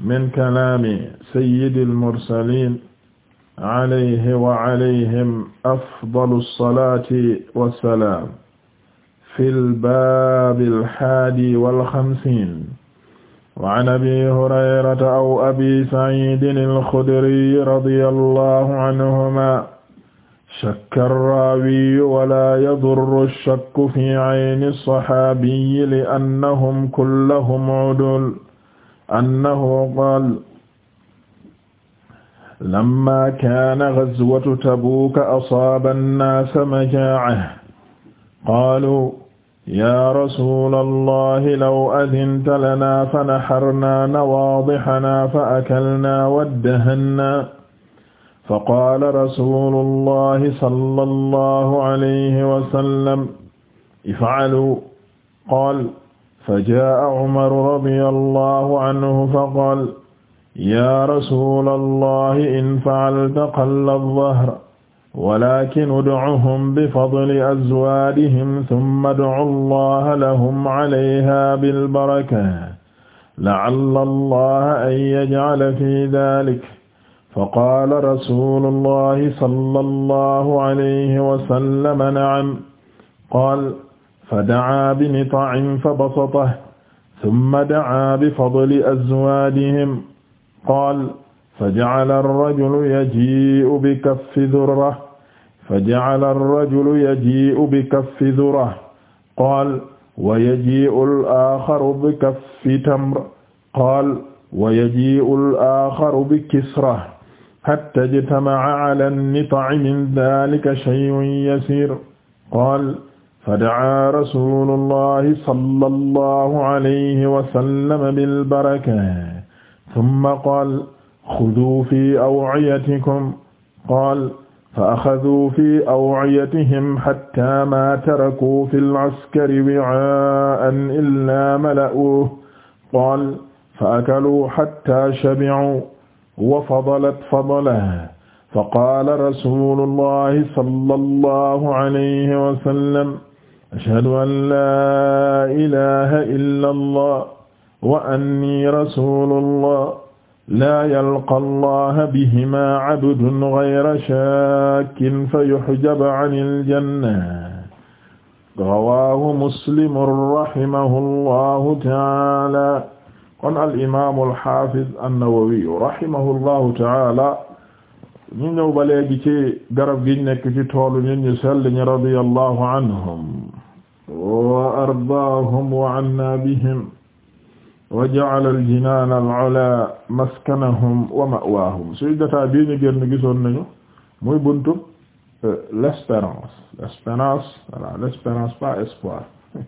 min kalaami sayyidil mursaliin alayhi wa alayhim afdalu salaati wa salaam fil baabil haadi wal xamsiin wa an abii hurayrata aw abii sa'iidin al-xudrii radiyallaahu anhumaa shakka ar-raawiyyu wa laa yadurru ash-shakku fii ayni as-sahaabiyyi li annahum kulluhum udul annahu qaala lamma kaana gazwatu tabuuka asaaba annaasa majaa'a qaaluu yaa rasuulallaahi law adinta lanaa fanaharnaa nawaadihanaa fa akalnaa waddahannaa faqaala rasuulullaahi sallallaahu alayhi wa sallam if'aluu qaala فجاء عمر رضي الله عنه فقال يا رسول الله إن فعلت قل الظهر ولكن ادعهم بفضل أزوادهم ثم ادع الله لهم عليها بالبركة لعل الله أن يجعل في ذلك فقال رسول الله صلى الله عليه وسلم نعم قال فدعا بنطع فبسطه ثم دعا بفضل أزوادهم قال فجعل الرجل يجيء بكف ذرة فجعل الرجل يجيء بكف ذرة قال ويجيء الآخر بكف تمر قال ويجيء الآخر بكسرة حتى اجتمع على النطع من ذلك شيء يسير قال fada'a rasuulullahi sallallahu alayhi wa sallam bilbarakaati summa qaala xuduu fi awciyatikum qaala fa axaduu fi awciyatihim xattaa maa tarakuu fil askari wicaa'an illaa mala'uuhu qaala fa akaluu xattaa shabicuu wa fadalat fadalan fa qaala rasuulullahi sallallahu alayhi wa sallam ashhadu an laa ilaaha illa allah wa anni rasulullah laa yalqa allaha bihimaa abdun ghayra shaakin fa yuhjab anil janna rawaahu muslimun rahimahullahu taala kon al imaamu al haafiz an-Nawawi rahimahullahu taala ñu ñëw ba léegi ci garab gi nekk ci toolu ñun ñu sell ñi radiyallahu anhum wa ardaahum wa anna bihim wa ja'ala al-jinaan al-'ulaa maskanahum wa ma'waahum suñu jotaay bii ñu génn gisoon nañu muy buntu euh, l'espérance l'espérance voilà espoir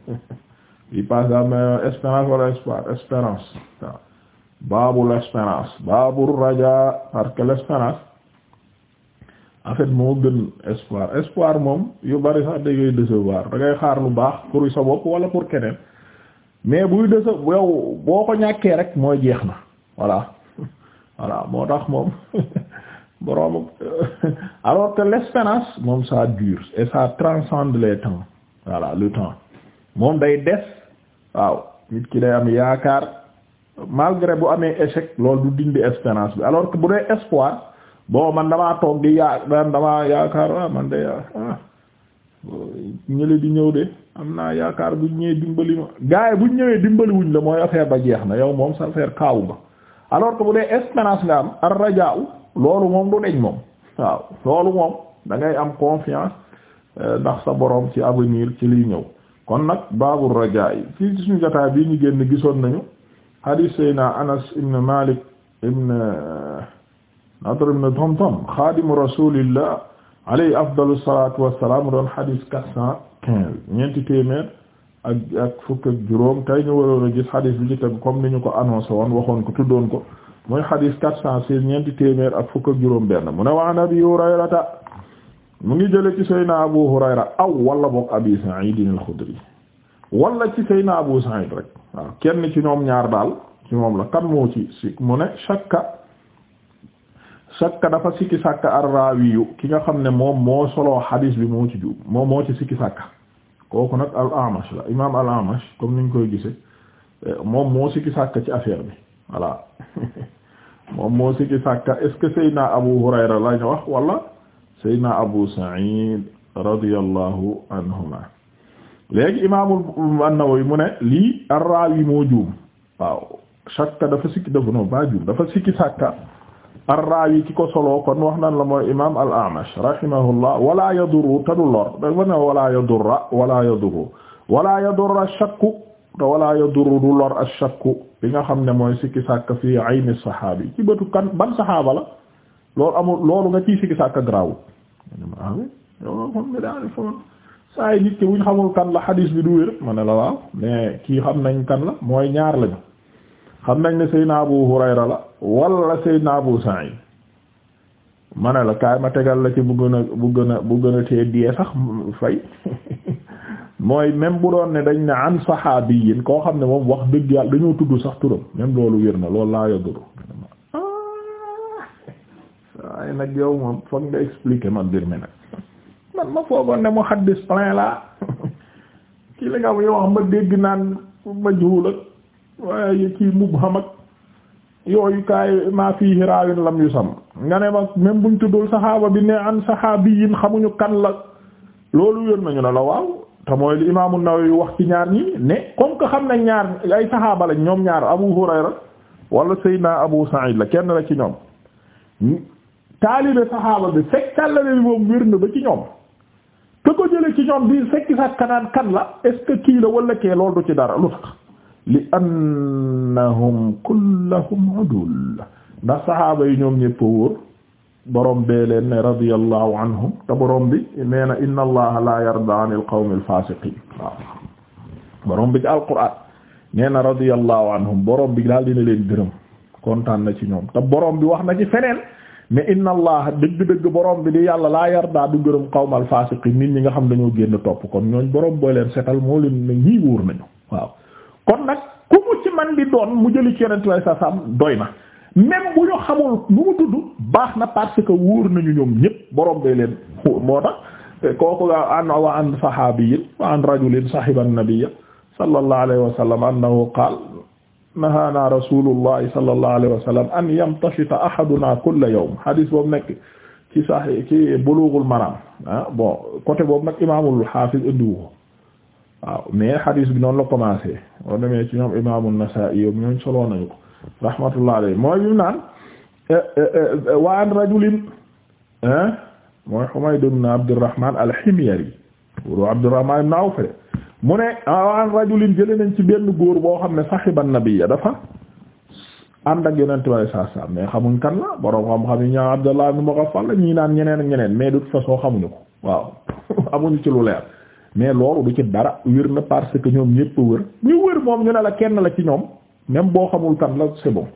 espérance wala espoir espérance waaw baabul espérance rajaa parce que l'espérance en moo gën espoir espoir moom yu bari sax da décevoir da ngay xaar lu baax pour sa bopp wala pour keneen mais buy dese yow boo ko ñàkkee rek mooy jeex na voilà voilà moo tax moom boroom alors que l'espérance moom sa dure et ça transcende les temps voilà le temps moom day des waaw nit ki day am yaakaar malgré bu amee échec loolu du dindi espérance bi alors que bu dee espoir. bon man damaa toog di yaa damaa yaakaar ah man de yaa ah, ah ñële di ñëw de am naa yaakaar buñ ñëwee dimbali ma gars buñ ñëwee dimbaliwuñ la mooy affaire ba jeex na yow moom sa affaire kaawu nga alors que bu dee espérance nga am ar rajaa'u loolu moom du deñ moom waaw loolu moom dangay am confiance euh, ndax sa borom ci avenir ci liy ñëw kon nag baabul rajaa'i ci suñu jotaay bii ñu génn gisoon nañu hadith sayna Anas ibn Malik ibn Nadr ibn Damdam xaadimu rasulillah alayhi afdalu salaatu wa salaam doon xadis quatre cent quinze ñeenti téeméer ak ak fukk ak juróom tey ñu waroon a gis xadis bi ci tegu ni ñu ko annoncé woon waxoon ko tuddoon ko muy xadis quatre ñeenti téeméer ak fukk ak juróom benn mu ne wa an Hurayrata mu ngi jële ci Seydina Abu Hurayra aw wala boog Abi Sa'id al-Khudri wala ci Seydina Abu Sa'id rek kenn ci ñoom ñaar daal ci moom la kan moo ci si mu ne shakka sakka dafa sikki sakka arraawiyu ki nga xam ne moom moo solo xadiis bi moo ci juum moom moo ci sikki sakka kooku nag al amash la imaam al amash comme niñ koy gise moom moo sikki sakka ci affaire bi voilà moom moo sikki sakka est-ce que Seydina Abu Hurayra la ñu wax wala Seydina Abu Sa'id radiyallahu anhuma léegi imaamul an-Nawawi mu ne lii arraawi moo juum waaw sakka dafa sikki dafa no ba juum dafa sikki sakka arraawi ki ko solo kon wax nan la mooy imaam al-A'mash rahimahullah wala yadurru te du lor dafa ne wala yadurra wala yadurru wala yadurra shakku te wala yadurru du lor ash-shakku bi nga xam ne mooy sikki sàkk fii ayni sahaabi ci bëtu kan ban sahaaba la loolu amul loolu nga ciy sikki sàkk saa yi nit ki xamul kan la xadiis bi du ma ne la waaw mais kii xam nañ kan la mooy ñaar lañu xam nañ ne Seydina Abu Hurayra la wala Seydina Abu Sa'id ma ne la kaay ma tegal la ci bu gën a bu gën a bu gën a tee sax fay mooy même bu doon ne dañ ne an saxaabiyin koo xam ne moom wax dëgg yàlla dañoo tudd sax turam même loolu wér na loolu laa yoddu ah. waaye nag yow moom foog nga ma foogoon ne mu xaddis plein la kii la nga wax ma dégg naan majhul ak waaye kii mubham ak yooyu kaay maa fii raawin lam yu sam nga ne ma même buñ tuddul saxaaba bi ne an saxaabiyin xamuñu kan la loolu yoon nañu ne la waaw te mooy li imaamu Nawawi wax ci ñaar ñi ne comme que xam na ñaar ay saxaaba lañ ñoom ñaar Abu Hurayra wala Seydina Abu Sa'id la kenn la ci ñoom taalibe saxaaba bi fekk tàllale bi moom wér na ba ci ñoom te ko jële ci ñoom bi fekk sax kanaan kan la est kii la wala kee loolu du ci dara lu tax li annahum kullahum udul ndax yi ñoom ñëpp wóor borom bee leen ne radiyallahu anhum te borom bi nee na inna allaha la yarda anil qawmil fasiqin waaw borom bi ci alquran nee na radiyallahu anhum borom bi daal dina leen gërëm kontaan na ci ñoom te borom bi wax na ci feneen mais inna allah dëgg-dëgg borom bi di yàlla laa yardaa du gërëm qawmal fasiqin nit ñi nga xam dañoo génn topp kon ñooñ borom booy leen setal moo leen ne ñii wóor nañu waaw. kon nag ku mu ci man di doon mu jëli ci yonent way doy na même bu ñu xamul mu tudd baax na parce que wóor nañu ñoom ñëpp borom bee leen moo tax kooku an wa an sahabiyin wa an rajulin sahiba an-nabiyya sallallahu alayhi wa sallam annahu qaala nahaana rasulullahi sallallahu alayhi wa sallam an yamtashita ahaduna kulla yawm hadis boobu nekk ci sahih ci bulughul maram ah, bon côté boobu nag imaamul hafiz indiwu ko waaw mais hadis bi noonu la commencé boo demee ci ñoom Imaam An-Nasaa'i yow solo nañu ko rahmatullahi alayhi mooy ñu naan eh, eh, eh, wa an rajulin mooy Humayd ibn Abdurrahman al-Himyari wuru Abdurrahman ibn Awf mu ne ah, wa an rajulin jëlee nañ ci benn góor boo xam ne sahiba an-nabiyya dafa ànd ak yonent bi sallallahu alayhi wasallam mais xamuñ kan la borom xam-xam yi ñaa Abdullah ibn Mughaffal la ñii naan ñeneen a ñeneen mais de toute façon xamuñu ko waaw amuñu ci lu leer. mais loolu du ci dara wér na parce que ñoom ñépp wër ñu wër moom ñu ne la kenn la ci ñoom même boo xamul kan la c'est bon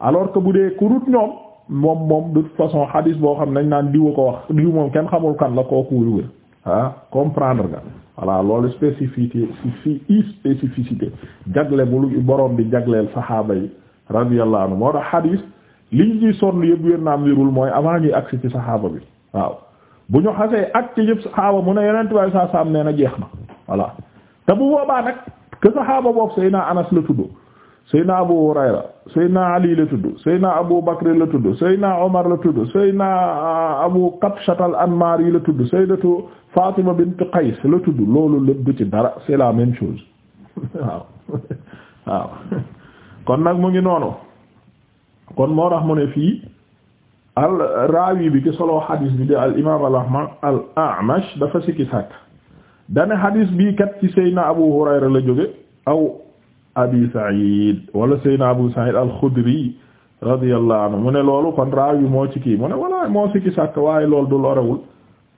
alors que bu dee ku rut ñoom moom moom de toute façon xadis boo xam nañ naan diwa ko wax diw moom kenn xamul kan la kooku wër wër ah comprendre nga voilà loolu spécificité i spécificité jagle bulu boroom di jagleel saxaaba yi radiyallahu anhu moo tax xadis ñu ci sonn yëpp wér naam wérul mooy avant ñuy agsi ci saxaaba bi waaw bu ñu xasee ak ci yëpp saxaaba mu ne yeneen tubaab saa saam nee na jeex na voilà te bu boobaa nag que saxaaba boobu Seyina Anas la tudd Seyina Abu Hurayra Seyina Ali la tudd Seyina Abu Bakr la tudd Seyina Omar la tudd Seyina ah, Abu Qabshat al-Anmari la tudd Sayyidatu Fatima bint Qays la tudd loolu lépp du dara c'est la même waaw waaw kon nag mu ngi noonu kon moo tax mu ne fii. al raawi bi ki solo hadis bi di al imaam al ahmad al a'mash dafa sikki sàkk dane hadis bi kat ci seyna abu hurayra la jóge aw abi sa'id wala seyna abu sa'id al xudri radiyallahu anhu mu ne loolu kon raawi moo ci ki mu ne wala moo sikki sàkk waaye loolu du lorewul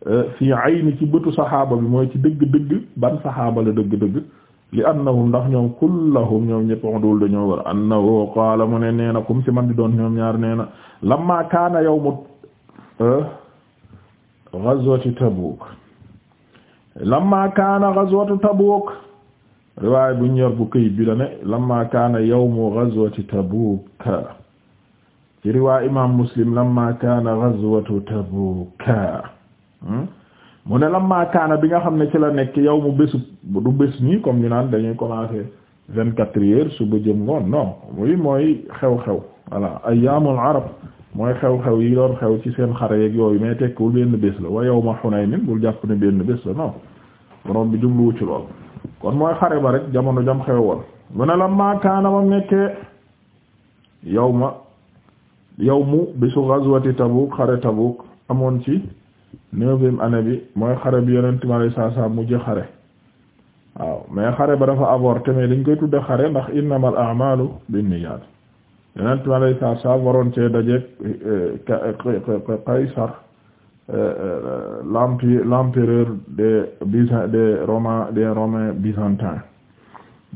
euh, fi ayni ci bëtu saxaaba bi mooy ci dëgg dëgg ban saxaaba la dëgg dëgg li annahum ndax ñoom kullahum ñoom ñëpp udul dañoo war annahu qaala mu ne nee na si man di doon ñoom ñaar nee na lamma kaana yawmu eh, ghazwati Tabuk lamma kaana ghazwatu Tabuk riwaay bu ñor bu këyit bi la ne lamma kaana yawmu ghazwati Tabuk ci riwaay imam Muslim lamma kaana ghazwatu Tabuk hmm? mu ne lamma kaana bi nga xam ne ci la nekk yow mu bésu du bés nii comme ni naan dañuy commencer vingt quatre su suba jëm ngoon non muy mooy xew-xew ay ayyaamul arab mooy xew-xew yi doon xew ci seen xare yeeg yooyu mais tekkiwul benn bés la ma wa yawma nii bul jàpp ne benn bés la non borom bi jubluwu ci lool kon mooy xare ba rek jamono jam xew woon mu ne la kaana bam nekkee yawma yawmu bésu ghazwati Tabuk xare Tabuk amoon ci neuvième année bi mooy xare bi yonent mi alayhi salaatu salaam mujj xare waaw mais xare ba dafa avorté mais dañ koy tudde xare ndax innamal a'maalu binniyaat yonent mi alayhi salaatu salaam waroon cee dajeek Qaysar euh, euh, euh, l'empire l'empereur des byzantins des romains des romains byzantins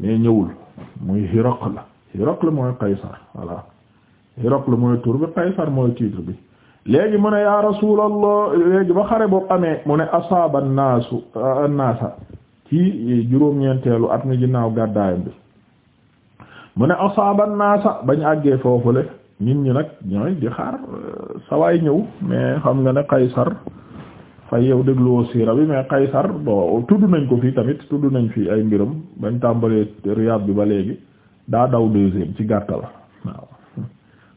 mais ñëwul muy Hiraql Hiraql mooy Qaysar voilà Hiraql mooy tur bi Qaysar mooy titre bi léegi mu ne yaa rasuulallah léegi ba xare boobu amee mu ne asaaba naasu naasa ci juróom-ñeenteelu at mi ginnaaw gàddaayam bi mu ne asaaba naasa bañ àggee foofule nit ñi nag ñooy di xaar sawaay ñëw mais xam nga ne Qaysar fay yow dégluwoo siira bi mais Qaysar bon tudd nañ ko fii tamit tudd nañ fii ay mbiram bañ tàmbalee Riyad bi ba léegi daa daw deuxième ci gàttal waaw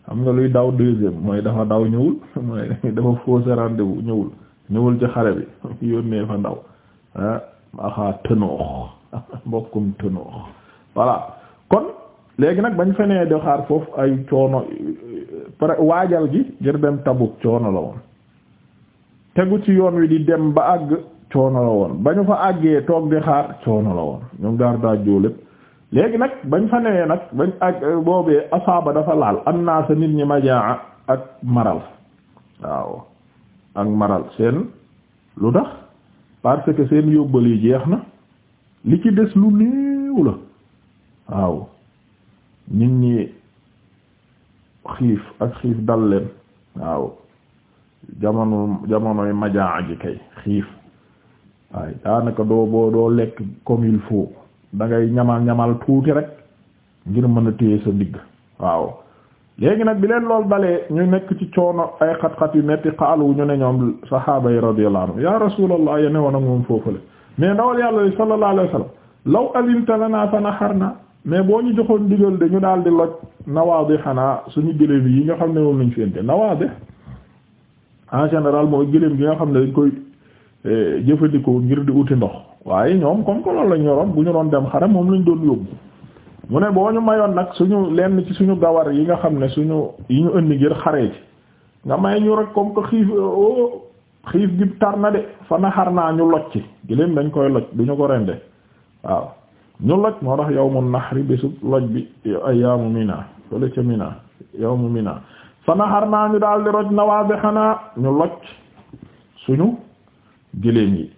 xam nga luy daw deuxième mooy dafa daw ñëwul mooy dafa fausse rendez-vous ñëwul ñëwul ci xare bi yónnee fa ndaw ah axaa tënoox mbokkum tënoox voilà kon léegi nag bañ fenee de xaar foofu ay coono pare waajal gi ngir dem Tabuk coono la woon tegu ci yoon wi di dem ba àgg coono la woon ba ñu fa àggee toog di xaar coono la woon ñu gardaa joo lépp léegi nag bañ fa newee nag bañ ak euh, boobee asaaba dafa laal annaasa nit ñi majaa ak maral waaw ak maral seen lu tax parce que seen yóbbal jeex na li ci des lu néew la waaw nit ñi xiif ak xiif dal leen waaw jamono jamonoy majaa ji kay xiif waaye daanaka doo boo doo lekk comme il faut da ngay ñamal ñamal tuuti rek ngir mën a téye sa digg waaw léegi nag bi leen lool dalee ñu nekk ci coono ay xat-xat yu metti xaalu ñu ne ñoom saxaaba yi radiyallahu anhu ya rasulallah yene woon ak moom la mais ndawal yàlla li sallallahu alayhi wasallam law azinta na xar na mais boo ñu joxoon digal de ñu daal di loj nawaadi xanaa suñu gëléem yi nga xam ne moom lañ fi indi nawaadi en général mooy gëléem gi nga xam ne dañ koy eh, jëfandikoo ngir di uti ndox waaye ñoom comme que loolu ñu bu ñu doon dem xare moom lañ doon yóbbu mu ne boo ñu mayoon nag suñu lenn ci suñu gawar yi nga xam ne suñu yi ñu indi ngir xaree ci nga may ñu rek comme que xiif oh, xiif gi tar na de fa xar naa ñu ci giléem dañ koy locc du ñu ko rende waaw ñu locc moo tax yawmu nahri bésu loj bi ayyaamu mu fële ca mina yawmu mina fa na xar naa ñu daal di roj na waa xanaa ñu locc suñu giléem yi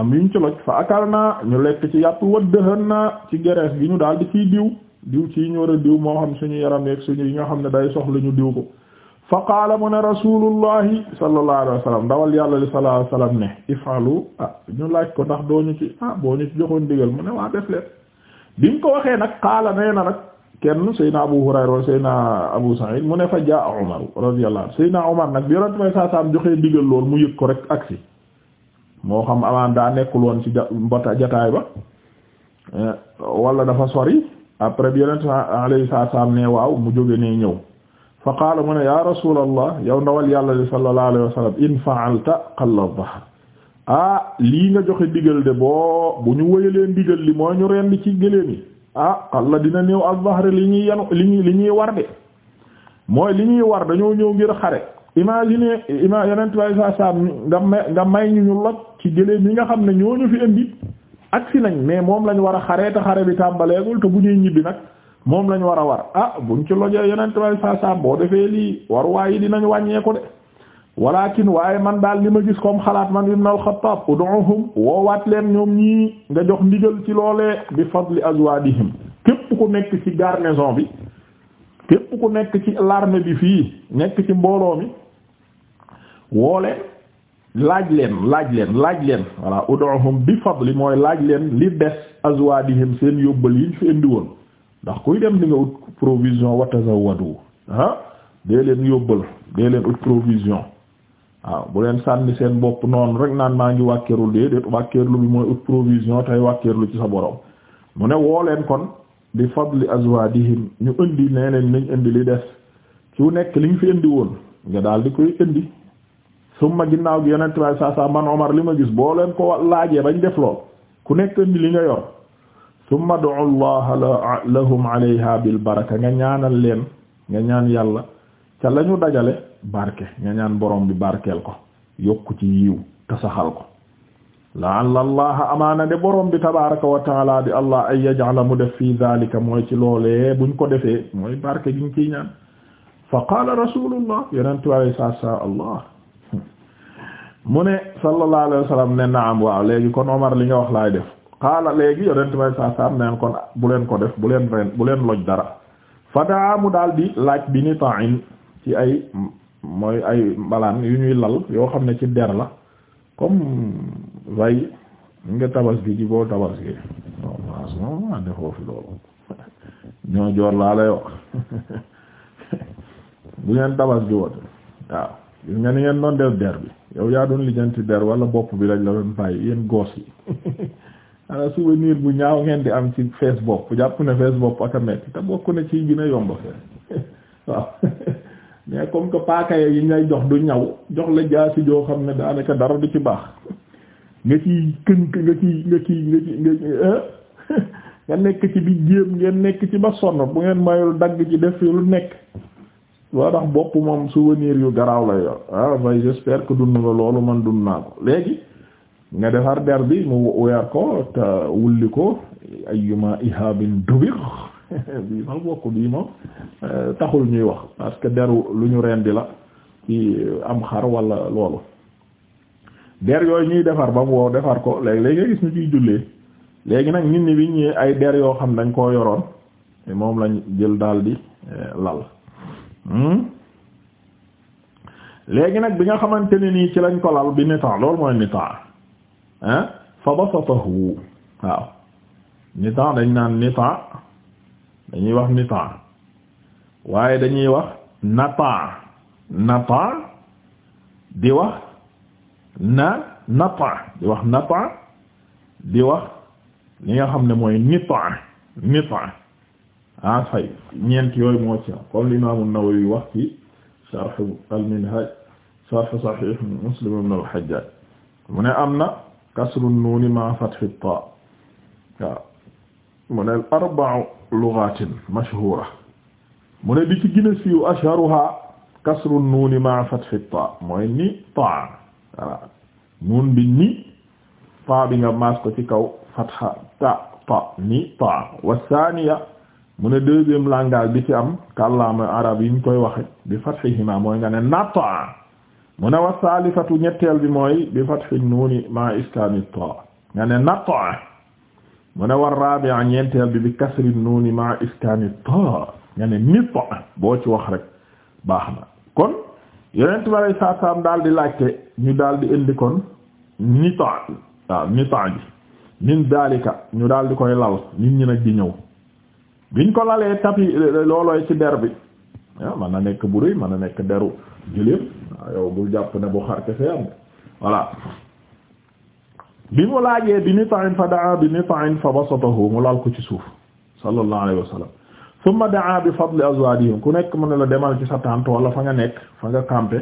am yuñ ci loj fa akal naa ñu lekk ci yàpp wat dëxan naa ci gerees gi ñu daal di ciy diw diw ci ñu war diw moo xam suñu yaram yeeg suñu yi nga xam ne day soxla ñu diw ko fa qaala mu ne rasulullahi sallallahu alayhi wa sallam ndawal yàlla li sallallahu alayhi ne ifalu ah ñu laaj ko ndax doo ñu ci ah boo ñu ci joxoon digal mu ne waa def leen bi mu ko waxee nag qaala nee na nag kenn Seydina Abu Hurayra wala Seydina Abu Sa'id mu ne fa jaa Umar radiyallahu anhu Seydina Umar nag bi yonent may saa saam joxee digal lool mu yëg ko rek agsi moo xam amaan daa nekkul woon ci mbota jataay ba eh, wala dafa sori après bi yonent alayhi salaam ne waaw mu jóge ne ñëw fa qaala mu ne ya rasulallah yow ndawal yàlla li sallallahu alayhi wa sallam in fa'alta qalla dahr ah lii nga joxe digal de boo bu ñu wëyalee digal li moo ñu rend ci gëléem yi ah qalla dina néew al dahr li ñuy yenu li ñuy li ñuy war de mooy li ñuy war dañoo ñëw ngir xare imagine ima yenentu way sa sam nga may nga may ñu ñu loj ci gëléem yi nga xam ne ñooñu fi indi si nañ mais moom lañ war a xareeta xare bi tàmbalee tàmbaleegul te bu ñuy ñibbi nag moom lañu war a war ah buñ ci lojee yenentu way sa sam boo defee lii war waayi dinañ wàññeeku de walakin waaye man daal li ma gis comme xalaat man ibn al-Khattab ud'uhum woowaat leen ñoom ñii nga jox ndigal ci loolee bi fadli azwadihim képp ku nekk ci garnison bi képp ku nekk ci l'armée bi fii nekk ci mbooloo mi woole laaj leen laaj leen laaj leen voilà ud'uhum bi li mooy laaj leen li des azwaadihim seen yóbbal yiñ fi indi woon ndax kuy dem di nga ut provision wa tazawwadu ah dee leen yóbbal dee leen ut provision waaw bu leen sànni seen bopp noonu rek naan maa ngi wàkkeerul déedéet wàkkeerlu bi mooy ut provision tey wàkkeerlu ci sa borom mu ne woo leen kon bi fadli azwaadihim ñu indi nee leen nañ indi li des su nekk li nga fi indi woon nga daal di koy indi summa ginnaaw gi yonent bi saa saa man Omar li ma gis boo leen ko laajee bañ def lool ku nekk ni li nga yor summa du'u Allah lahum alayha bil baraka nga ñaanal leen nga ñaan yàlla ca la ñu dajale barke nga ñaan borom bi barkeel ko yokku ci yiw tasaxal ko la'alla Allah amaana de borom bi tabaaraka wa ta'ala di Allah ay yaj'ala mu def fii zaalika mooy ci loolee buñ ko defee mooy barke gi ñu ciy ñaan fa qaala rasulullah Allah. mu ne sallallahu alayhi ne naam waaw léegi kon Omar li nga wax laay def xaala léegi yonent may saa saam neen kon bu leen ko def bu leen ren bu leen loj dara fadaa mu daal di laaj bi ni ta'in ci ay mooy ay mbalaan yu ñuy lal yoo xam ne ci der la comme way nga tabas bi ji boo tabas gi non franchement maa defoo fi loolu ñoo joor laa lay wax bu ngeen tabas gi woon waaw gis nga ni ngeen doon def der bi yow yaa doon lijjanti der wala bopp bi lañ la doon bàyyi yéen goos yi ana souvenir bu ñaaw ngeen di am ci fees bopp jàpp ne fees bopp ak a metti te bokk na ci gën a yomb fees waaw mais comme que paaka yi ngay jox du ñaw jox la jaasi joo xam ne daanaka dara du ci baax nga ciy kën nga ciy nga ciy nga ci nga nga nekk ci bi jéem ngeen nekk ci ba sonn bu ngeen mayul dagg ci def lu nekk waa tax bopp moom souvenir yu garaaw la yor ah waaye j'espère que dund nga loolu man dund naa ko léegi nga defar der bi mu weer ko te wulli ko ayyuma ihabin dubir bii ma bokk bii moom eh, taxul ñuy wax parce que deru lu ñu rendi la ci am xar wala loolu der yooyu ñuy defar ba mu wow defar ko léegi léegi ñu ciy jullee léegi nag nit ñi bi ñëwee ay der yoo xam dañ koo yoroon moom lañ jël daal di eh, lal Hmm? léegi nag bi nga xamante ni nii ci lañ ko lal bi nitaa loolu mooy nitaa ah fa basatahu waaw nitaa dañ naan nitaa dañuy wax nitaa waaye dañuy wax nataa nataa di wax na nataa di wax nataa di wax li nga xam ne mooy nitaa nitaa ah fay ñeent yooyu moo ci am comme l'imam an-Nawawi wax ci sharh al-Minhaj sharh Sahih Muslim ibn al-Hajjaj mu ne am na kasru nuuni ma fath at-ta waaw mu ne arba'u lughatin mashhura mu ne bi ci gën a siiw ashharuha kasru nuuni ma fath at-ta mooy ni ta voilà nuun bi ni ta bi nga maas ko ci kaw fatha ta ta ni ta wa thaniya mu ne deuxième langage bi ci am kàllaama arab yi ñu koy waxe bi fathihima mooy nga ne nata mu ne wa saalifatu ñetteel bi mooy bi fathi nuuni ma iskaani ta nga ne nata mu ne war rabi'a ñeenteel bi bi kasri nuuni ma iskaani ta nga ne nita boo ci wax rek baax na kon yonent bi alay saa daal di laajte ñu daal di indi kon nita waaw nita ji min dalika ñu daal di koy lal nit ñi nag di ñëw biñ ko lalee tapi eh, loolooy ci der bi waaw ah, man na nekk bu rëy man na nekk deru jëléem waaw ah, yow bul jàpp ne bu xar kese am voilà bi mu laajee bi nitain fa daa bi nitain fa basatahu mu laal ko ci suuf sallallahu alayhi wa sallam thumma daa bi fadli azwadihim ku nekk mën na la demal ci sa tànt wala fa nga nekk fa nga campé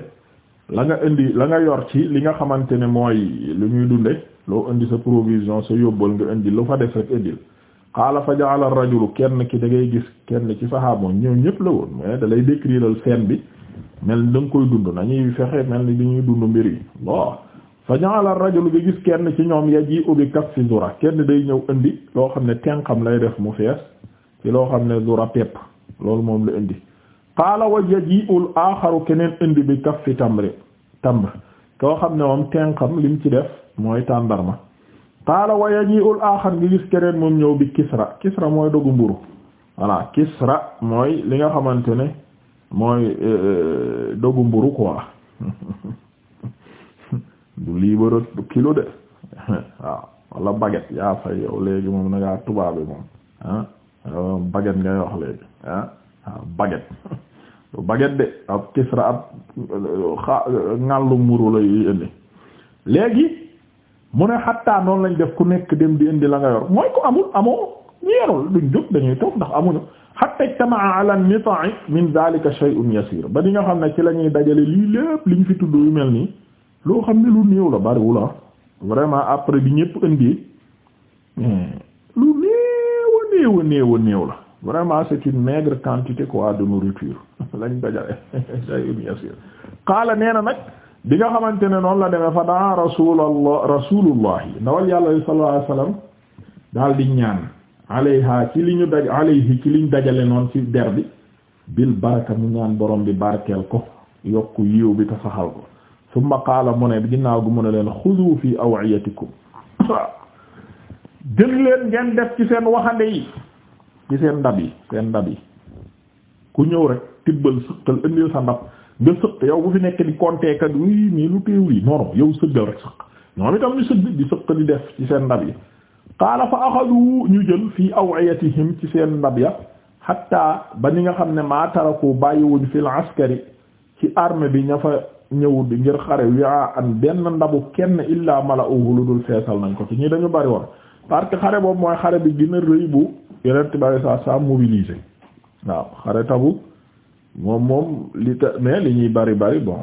la nga indi la nga yor ci li nga xamante ne mooy lu ñuy dunde loo indi sa provision sa yóbbal nga indi lu fa def rek indil qaala fa ja'ala ar-rajulu kenn ki da ngay gis kenn ci sahaaba ñëw ñëpp la woon mais dalay lay décriral seen bi mel ni da nga koy dund nañuy fexe mel ni dañuy dund mbir yi bon fa ja'ala ar-rajulu bi gis kenn ci ñoom ubbi bi kaffi zura kenn day ñëw indi loo xam ne tenqam lay def mu fees ci loo xam ne zura pepp loolu moom la indi qaala wa yaji'u al-aaxaru keneen indi bi fi tamri tamr koo xam ne moom tenqam lim ci def mooy tàndarma qaala wa yaji'ul aaxar nga gis keneen moom ñëw bi kisra kisra mooy dogu mburu voilà kisra mooy li nga xamante ne mooy euh, euh, dogu mburu quoi du libre du kilo de waaw wala baguette yaa fay yow léegi moom na ngaa tubaabi moom ah ngay wax léegi ah waaw baguette de ab kisra ab euh, xa ŋàllu mburu lay indi léegi mu ne xattaa noonu lañ def ku nekk dem di indi la nga yor mooy ko amul amoo ñu yorul duñ jóg dañuy toog ndax amuñu hatta ijtama'a ala nita'i min dhalika shay'un yasir ba di nga xam ne ci la ñuy dajale lii lépp liñ fi tudd yu mel nii loo xam ne lu néew la bariwul ah vraiment après bi ñépp indi hmm. lu néew a néew a néew a néew la vraiment c'est une maigre quantité quoi de nourriture lañ dajale shay'un yasir qaala nee na nag bi nga xamante ne noonu la demee fa daa rasulallah rasulullahi ndawal yàlla sallallahu alayhi daal di ñaan alayha ci li ñu daj alayhi ci liñ dajale noonu ci der bi bil baraka mu ñaan borom bi barkeel ko yokk yiw bi te saxal ko summa qaala mu ne ginnaaw gu mu ne leen xudu fi awiyatikum jël leen ngeen def ci seen waxande yi ci seen ndab yi seen ndab yi ku ñëw rek tibbal sëqal indil sa ndab nga sëq yow bu fi nekk di compter kat oui mais lu teew lii non non yow sëggal rek sëq ñoom itam ñu di sëq di def ci seen ndab yi qaala fa axadu ñu jël fii awiyatihim ci seen ndab ya hatta ba ni nga xam ne maa taraku bàyyiwuñ fil askari ci armée bi ña fa ñëw di ngir xare wi'a an benn ndabu kenn illaa mala'uhu lu dul feesal nañ ko ci ñi dañu bari woon parce que xare boobu mooy xare bi gën a rëy bu yeneen tubaab yi saa saa mobilisé waaw xare tabu. moom moom li ta mais li ñuy bari bari bon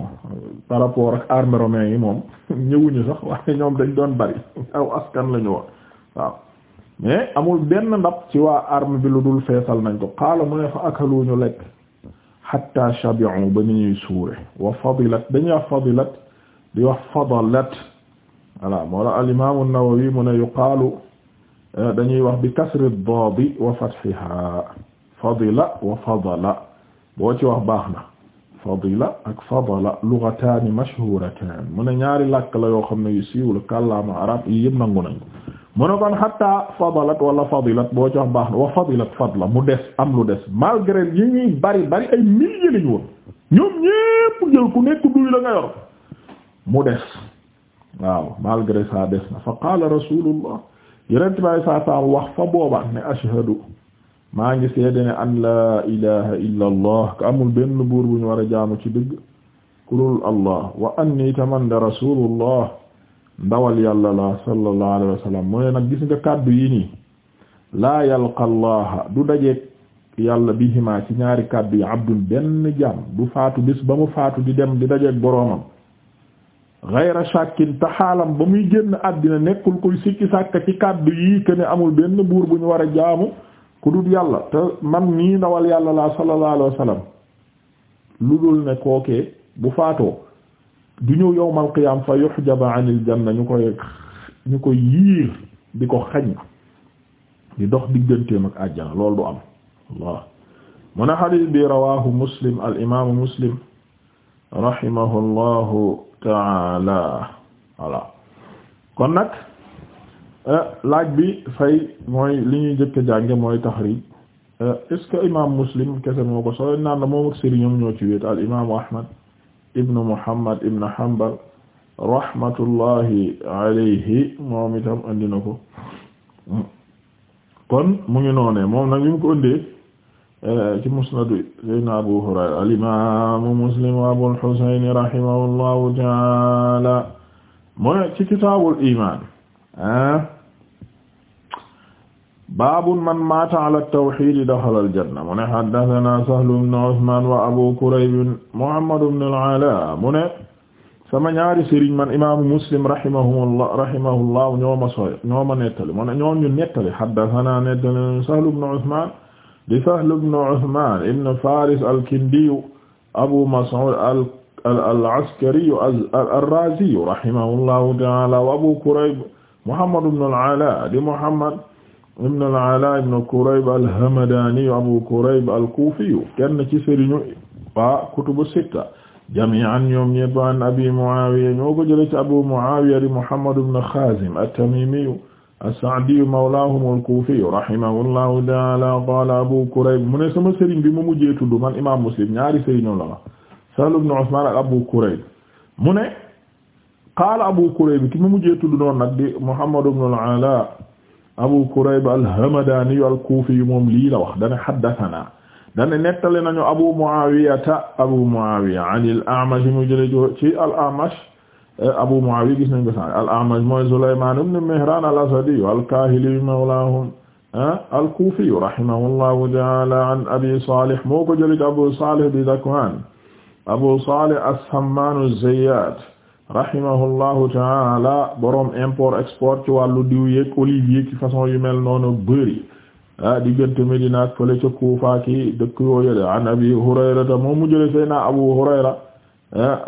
par ak armée romaine yi moom ñëwuñu sax waaye ñoom dañ doon bari aw askan la ñu woon amul benn ndab ci waa armée bi lu dul feesal nañ ko xaala mu ne fa ñu lekk hatta shabi'u ba ni ñuy suure wa fadilat dañuy wax fadilat di wax fadalat voilà moo la al imam an-Nawawi mu ne yuqaalu eh, dañuy wax bi kasri ad-daad wa fadila wa fadala boo ci wax baax na fadila ak fadala lughataani mashhuratan mu ne ñaari làkk la yoo xam ne yu siiw la kàllaama arab yi yëpp nangu nañ mu ne kon xatta fadalat wala fadilat boo ci wax baax na wa fadilat fadla mu des am lu des malgré yi ñuy bari bari ay milliers lañu woon ñoom ñépp jël ku nekk duy la nga yor mu des waaw malgré ça des na fa qaala rasulullah yeneen saa saa wax fa boobaa ne ashhadu maa ngi seede ne an laa ilaha illa ka amul benn buur bu ñu war a jaamu ci dëgg kulul allah wa anni taman de rasulullah ndawal yàlla la sallallahu wa sallam mu nag gis kàddu yi nii laa yalqa allaha du dajeek yàlla bihimaa ci ñaari kàddu yi abdun benn jaam du faatu bis ba mu faatu di dem di dajeek boroomam gayra shakkin te xaalam ba muy génn àddina nekkul kuy sikki sàkka ci kàddu yi ke amul benn buur bu ñu war a jaamu ku dut yàlla te man nii ndawal yàlla laa sallallahu alayhi wa sallam lu dul ne kookee bu faatoo du ñëw yawmal qiyaam fa yuhjaba anil janna ñu koy ñu koy yiir di ko xañ di dox digganteem ak àjjana loolu du am Allah mu ne bi rawaahu muslim al imaamu muslim rahimahullahu taala voilà kon nag Eh, laaj bi fay mooy li ñuy jëkk jànge mooy taxrij eh, est-ce que imam muslim kese moo ko solo naan la moom ak sëriñam ñoo ci wéet al imaamu ahmad ibnu muhammad ibnu hanbal rahmatullahi moom itam andi na ko kon mu ngi noonee moom nag bi mu ko ëndee eh, ci musnadu saydna abu hurayra al imaamu muslim wa abul husayn rahimahullahu taala mooy ci kitaabul imaan ah, baabun man maata ala tawxiidi daxala aljanna mu ne haddasanaa Sahlu bnu Usmaan wa Abu Kurayb Muhammad bnu al-Alaa mu ne sama ñaari sëriñ man imaamu Muslim rahimahumullah rahimahullah ñoo ma sooy ñoo ma nettali mu ne ñoo ñu nettali haddasanaa nettali Sahlu bnu Usmaan di Sahlu bnu Usmaan ibnu Faaris al-Kindiyu Abu Mas'uud al-Askariyu ar-Raaziyu rahimahullahu ta'aalaa wa Abu Kurayb Muhammad bnu al-Alaa di Muhammad ibn al-Ala ibn Kurayb al-Hamadani Abu Kurayb al-Kufi kenn ci sëriñu wa kutubu sitta jami'an ñoom ñépp an Abi Muawiya ñoo ko jëlee ci Abu Muawiya di Muhammad ibn Khazim at-Tamimi as-Sa'di mawlahum al-Kufi rahimahullahu ta'ala qala Abu Kurayb mu ne sama sëriñ bi mu mujjee tudd man imam Muslim ñaari sëriñu la Sahl ibn Uthman ak Abu Kurayb mu ne qala Abu Kurayb ki mu mujjee tudd noonu nag di Muhammad ibn al-Ala Abu Kurayb al-Hamadani al-Kufi moom lii la wax dana haddathana dana nettali nañu Abu Muawiyata Abu Muawiya an al-A'mash mu jële ci al-A'mash Abu Muawiya gis nañ ko sax al-A'mash mooy Sulayman ibn Mihran al-Asadi al-Kahili mawlahum ah, al-Kufi rahimahullahu ta'ala an Abi Salih moo ko jële ci Abu Salih bi Zakwan Abu Salih as-Samman az-Zayyat rahimahullahu taala borom import export ci wàllu diw yeeg façon yu mel noonu bëri ah diggante Medina ak fële ca Kufa ki dëkk yooyu de an Abi mu jëlee Abu Hurayra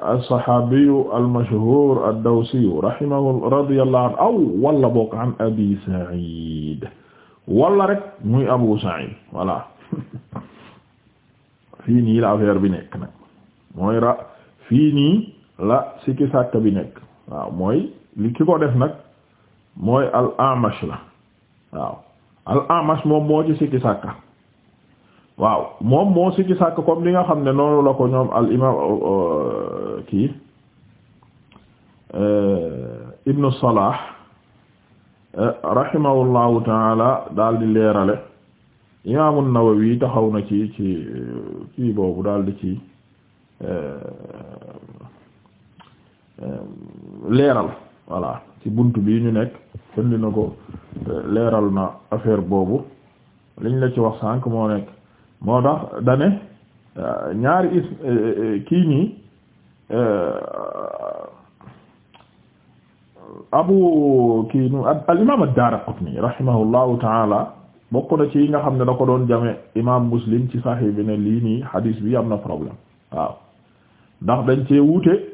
as-sahaabiyyu al-mashhuur ad-dawsiyyu rahimahu radiyallahu anhu aw wala wala rek muy Abu Sa'iid voilà fii la affaire bi nekk nag mooy ra la sikki bi nekk waaw mooy li ki ko def nag mooy al amash la waaw al amash moom moo ci sikki waaw moom moo sikki sàkk comme li nga xam ne noonu la ko ñoom al imam euh, kii euh, ibnu salah euh, rahimahullahu taala daal di leerale imaamu Nawawi taxaw na ci ci kii boobu daal di ci leeral voilà ci bunt bi ñu nekk indi na ko leeral na affaire boobu liñ la ci wax sànq moo nekk moo tax dane ñaari kii ni abu kii nu al imam ad-Daraqutni rahimahullahu taala bokk na ci nga xam ne da ko doon jame imam Muslim ci Sahih bi ne lii nii hadis bi am na problème waaw ndax dañ cee wuute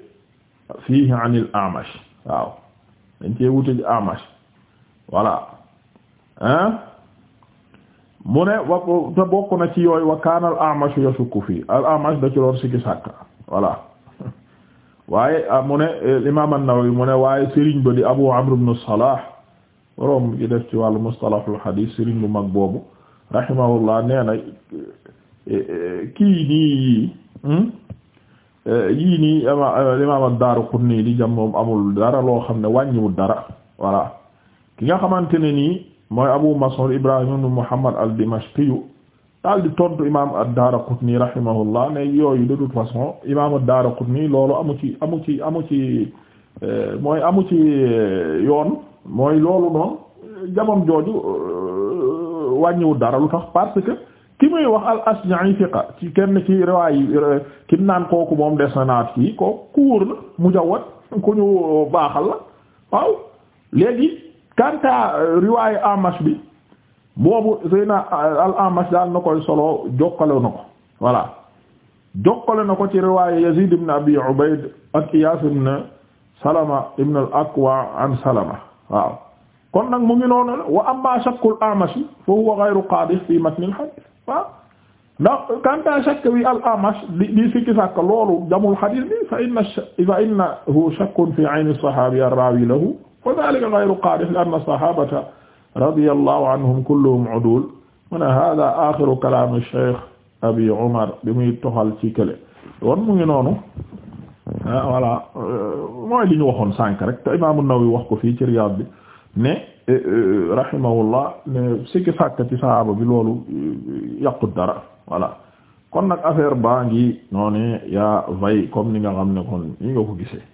fiihi anil A'mash waaw dañ cee wute A'mash voilà hein mu ne wa te bokk na ci yooyu wa kaana al A'mash yasukku fii al A'mash da ci loon sikki sàkka waaye ah, mu ne eh, imaam an-Nawawi mu ne waaye sëriñ ba di Abu Amr ibn Salah borom gi def ci wàllu mustalahul hadith sëriñ bu mag boobu rahimahullah nee na eh, eh, kii nii hmm? yii nii euh, imaam ad-Daaraqutni di jam amul dara loo xam ne wàññiwul dara voilà ki nga xamante ne nii mooy Abu Mas'ud Ibrahim ibn Muhammad al-Dimashqi daal di tontu imaam ad-Daaraqutni rahimahullah ne yooyu de toute façon imaam ad-Daaraqutni loolu amu ci amu ci amu ci euh, mooy amu ci euh, yoon mooy loolu noonu jamam jooju wàññiwul dara lu tax parce que ki muy wax al asja'i thiqa ci kenn ci riwaay kim naan kooku moom des na naat kii kooku ku wóor la mujawwad ku ñu baaxal la waaw léegi kanta amash bi boobu sëy na al amash daal na koy solo jokkale na ko jokkale na ko ci riwaayu yazid ibn abi ubayd ak iyas ibn salama ibn al akwa an salama kon nag mu ngi noonu la wa amma shakkul amash fa huwa ghayru qadih fi matn al hadith waaw ndax kanta shakk wi al amash di di sikki sàkk loolu jamul xadiis bi fa inna fa innahu shakkun fi ayni saxaabi ar-raawi lahu wa daalika ghayru qaadih li anna saxaabata radiyallahu anhum kulluhum udul man haaza aaxiru kalaami Cheikh Abi Umar bi muy toxal ci kële won mu ngi noonu ah, voilà euh, mooy li ñu waxoon sànq rek te Imaam An-Nawawi wax ko fii ci Riyaad bi ne. Eh, eh, rahimahullah mais sikki sàkk ci saaba bi loolu eh, yàqut dara voilà kon nag affaire baa ngi noo ne yaa vay comme ni nga xam ne kon ni nga ko gisee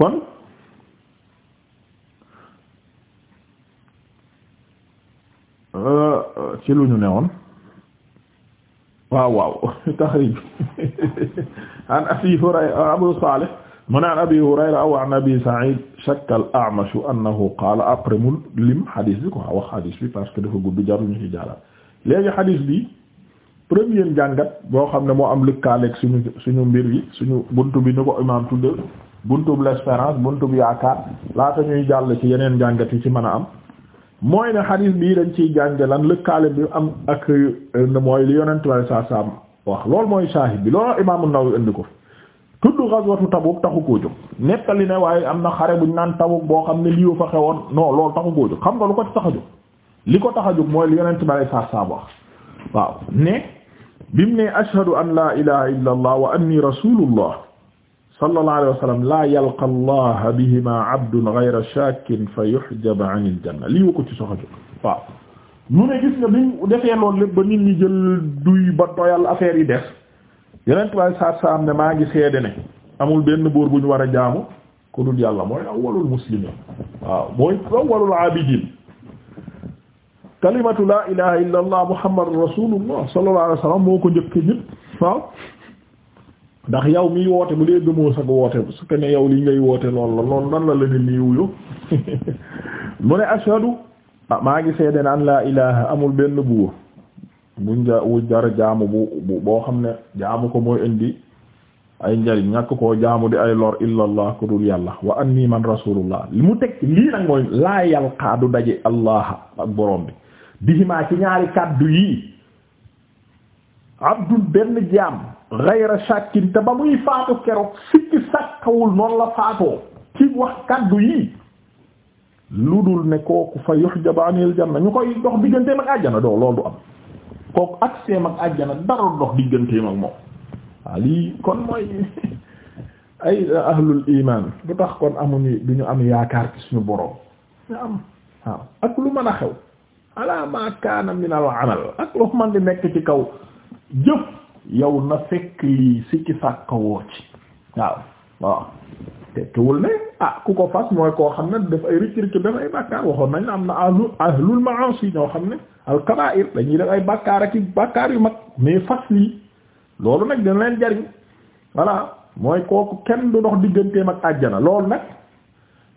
kon euh, ci lu ñu ne woon waaw waaw taxrij an Abi Hurayra Abu Salih mu ne an abi hurayra aw an abi sa'id shakka al a'mash annahu qaala après mu lim hadis bi ko wax hadis bi parce que dafa gudd jarul ñu ci jaaral léegi hadis bi premier jàngat boo xam ne moo am lëkkaaleeg suñu suñu mbir yi suñu bunt bi ñu ko imaam tudde buntu bu l'espérance buntu bu yaakaar laata ñuy jàll ci yeneen jàngat yi ci mën a am mooy ne hadis bii dañ ciy jànge lan lëkkaale bi am ak euh, mooy li yonent bi sallallahu alayhi wasallam wax loolu mooy saahid bi lool imaam an indi ko tudd ghazwatu Tabuk taxu koo jóg nettali ne waaye am na xare bu naan Tabuk boo xam ne lii fa xewoon non loolu taxu koo jóg xam nga lu ko ci tax a jóg li ko a jóg mooy li yonent bi alayhi salaam wax waaw ne bi mu a ashhadu an laa ilaha illa allah wa anni rasulullah sallallahu alayhi wa sallam la yalqa allah bihima abdun ghayra shakin fa yuhjab an il ko ci sox a jóg waaw mu ne bi mu defee loolu ba nit ñi jël ba doyal affaire yi def yeneen tubaab yi saa am ne maa ngi seede ne amul benn buur bu ñu war a jaamu ku dul yàlla mooy awwalul muslimin waaw mooy awwalul abidin kalimatu laa ilaha illa allah muhammadur rasulullah sallallahu alayhi wasallam moo ko njëkk ñëpp ndax yow miy woote bu dee gëmoo sa woote su ko ne yow li ngay woote lool la lool nan la la ne mu ne ashhadu ah, maa ngi seede ne an laa ilaha amul benn buur buñ ja jar jaamu bu boo xam ne jaamu ko mooy indi ay njariñ ñàkk ko jaamu di ay lor illallah ku dul yàlla wa anni man rasulullah li mu teg lii nag mooy laa yalqaa du daje allah ak borom bi bihimaa ci ñaari kàddu yii abdul benn jaam gayra shakkin te ba muy faatu keroog sikki sàkkawul noonu faatoo ci wax kàddu yii lu dul ne kooku fa yuhjab anil janna ñu koy dox digganteem ak àjjana doo loolu du am kooku ak seem ak àjjana dara dox digganteem ak moom waaw lii kon mooy ay ahlul iman bu tax kon amuñu duñu am yaakaar ci suñu boroom ñu am waaw ak lu mën a xew ala ma kaana min amal ak lu man di nekk ci kaw jëf yow na fekk lii si ci ah, xam ne daf ñoo xam ne al kabaa'ir dañuy def ay bàkkaar ak i bàkkaar yu mag mais fas lii loolu nag dina leen jariñ voilà mooy kooku kenn du dox digganteem ak àjjana loolu nag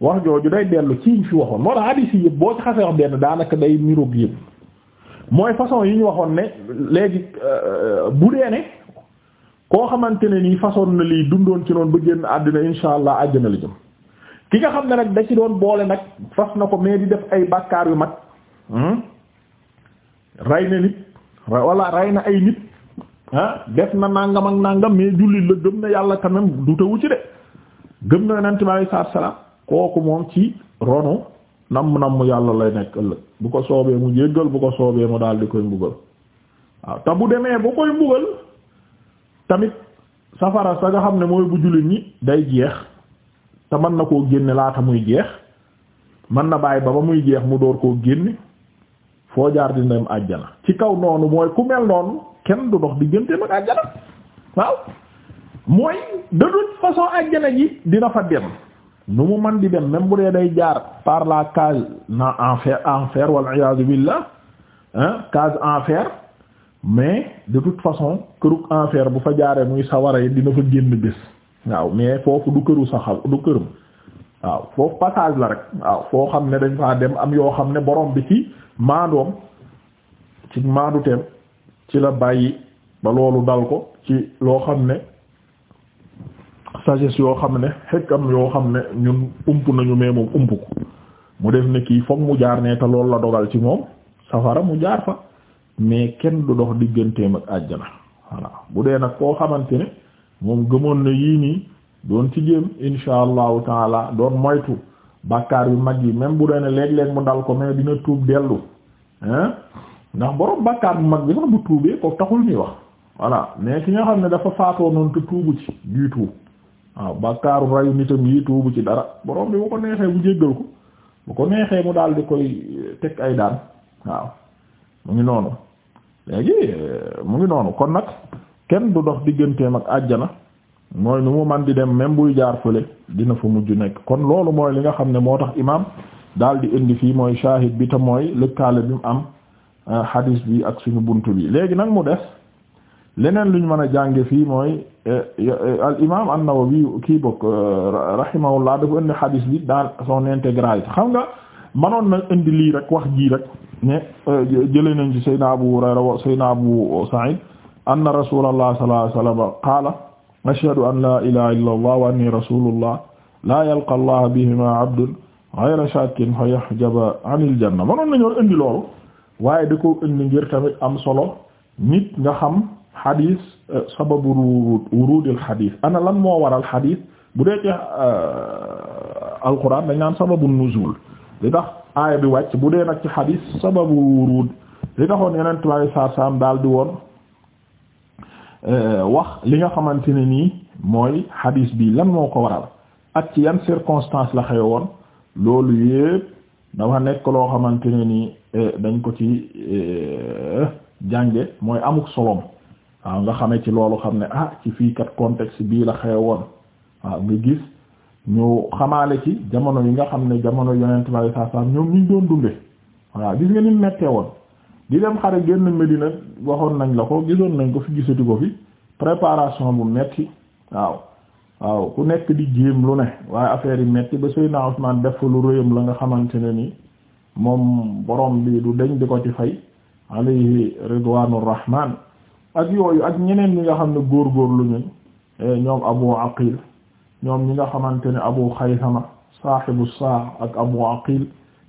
wax jooju day dellu ci fi waxoon moo tax hadith yëpp boo ci xasee wax benn daanaka day niroog yëpp mooy façon yi ñu waxoon ne léegi euh, bu dee ne koo xamante ne nii façon na lii dundoon ci noonu ba génn àddina insha allah àjjana la jëm ki nga xam ne nag da ci doon boole nag fas na ko mais di def ay bàkkaar yu mag. Hmm? rey na nit wala rey na ay nit ah def na nangam ak nangam mais jullit la gëm na yàlla quand même du tawu ci de gëm na yonent bi alayhi salaatu kooku moom ci ronu namm namm yàlla lay nekk ëllëg bu ko soobee mu jéggal bu ko soobee mu daal di koy mbugal bu demee bu koy mbugal tamit safara sa nga xam ne mooy bu jullit ñi day jeex te mën na koo génne laata muy jeex mën na baay ba ba muy jeex mu door koo génne foo jaar dina dem àjjana ci kaw noonu mooy ku mel noonu kenn du dox diggante mag àjjana waaw mooy de toute façon àjjana ji dina fa dem nu mu man di dem même bu dee day jaar par la case na enfer enfer wal iyaazu billah hein case enfer mais de toute façon kërug bu fa jaaree muy sawara dina fa génn bés waaw mais foofu du këru saxal du waaw foofu passage la rek waaw foo xam ne dañ faa dem am yoo xam ne borom bi ci maadoom ci maaduteem ci la bàyyi ba loolu dal ko ci loo xam ne sagesse yoo xam ne xekkam yoo xam ne ñun ump nañu mais moom ump ko mu def ne kii foog mu jaar nee te loolu la dogal ci moom safara mu jaar fa mais kenn du dox digganteem ak àjjana voilà bu dee nag koo xamante ne moom gëmoon na yii nii doon ci jéem insha allahu taala doon moytu bàkkaar yu mag yi même bu dee ne léeg-léeg mu dal ko mais dina tuub dellu hein ndax borom bàkkaar bu mag bi sax bu tuubee ko taxul ñuy wax voilà mais ki nga xam ne dafa faatoo noonu te tuubu ci du tout waaw bàkkaaru rayu nitam yi tuubu ci dara borom bi bu ko neexee mu jéggal ko bu ko neexee mu daal di koy eh, teg ay daan waaw mu ngi noonu léegi eh, mu ngi noonu kon nag kenn du dox digganteem ak àjjana mooy nu mu man di dem même buy jaar fële dina fa mujj nekk kon loolu mooy li xam ne moo tax imaam daal di indi fii mooy shahid bi te mooy lëkkaale bi mu am euh, hadis bi ak suñu buntu bi léegi nag mu des leneen lu ñu mën a jànge fii mooy euh, al imaam an-Nawawi kii bokk euh, rahimahullah dafa indi hadis bi dans son intégralité xam nga manoon na indi lii rek wax jii rek ne jëlee nañ ci Seydina Abu Hurayra wa Seydina Abu Sa'id anna Rasulullah sallallahu alayhi wa sallam qaala ashhadu an la ilaha illa allah wa anni rasulullah la yalqa allah bihima abdun ghayra shakin fa yahjaba anil janna manoon nañu indi loolu waaye da ko indi ngir tamit am solo nit nga xam xadis euh, sababu wurudil xadis ana lan moo waral xadis bu dee ci euh, alquran dañ naan sababu nuzul li tax aaya bi wàcc bu dee nag ci xadis sababu wurud li taxoon yeneen tubaab yi saa saam daal di woon. Euh, wax li nga xamante ne nii mooy hadis bi lan moo ko waral ak ci yan circonstance la xew woon loolu yépp dafa nekk loo xamante ne nii euh, dañ ko ci euh, jànge mooy amuk solom waaw nga xame ci loolu xam ne ah ci fii kat contexte bii la xew woon waaw nga gis ñu xamaale ci jamono yi nga xam ne jamono yonent bi sallallahu alayhi wasallam ñoom ñu doon dunde waaw gis nga ni mettee woon di dem xare génn Medina waxoon nañ la ko gisoon nañ ko fi gisati ko fi préparation bu metti waaw waaw ku nekk di jéem lu ne waaye affaire yi metti ba Seydina Usmaan def lu rëyam la nga xamante ne ni moom borom bi du deñ di ko ci fay alayhi ridwaanur rahmaan ak yooyu ak ñeneen ñi nga xam ne góor góor lu ñun eh, ñoom Abu Aqil ñoom ñi nga xamante ne Abu Xaysama saaxibu saa ak Abu Aqil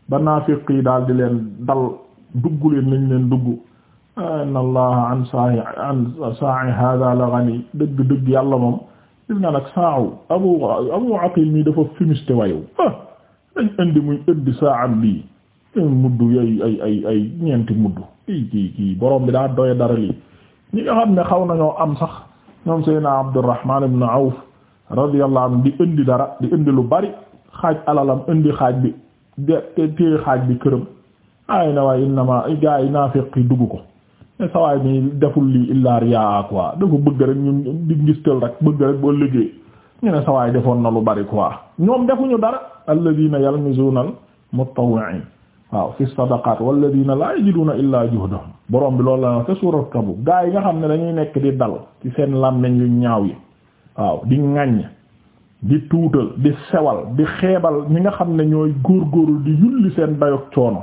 ba naafiq yi daal di leen dal dugg leen nañ leen dugg inna allaha an saai an saai hada la ghani dëgg dëgg yàlla moom gis nga abu abu aqil mii dafa fumiste wayow ah dañ indi muy indi saa am bii mudd ay ay ay ay ñeenti mudd kii kii kii borom bi daa doye dara lii ñi nga xam ne xaw nañoo am sax ñoom seyna abdurrahman ibn awf radiyallahu anhu di indi dara di indi lu bari xaaj alalam indi xaaj bi de xaaj bi këram ay na waaye innama gaa yi naafiq yi dugg ko mais sawaay mi deful lii illaa riyaa quoi dafa bëgg rek ñun di ngistal rek bëgg rek boo liggéey ñu ne sawaay defoon na lu bari quoi ñoom defuñu dara alladina yalmizuna al mutawwi'in waaw fi sadaqat walladina la yajiduna illaa juhdahum borom bi loolu la na te suuratu Tabuk gaa yi nga xam ne dañuy nekk di dal ci seen làmmiñ yu ñaaw yi waaw di ŋàññ di tuutal di sewal di xeebal ñi nga xam ne ñooy góorgóorlu di yulli seen dayoog coono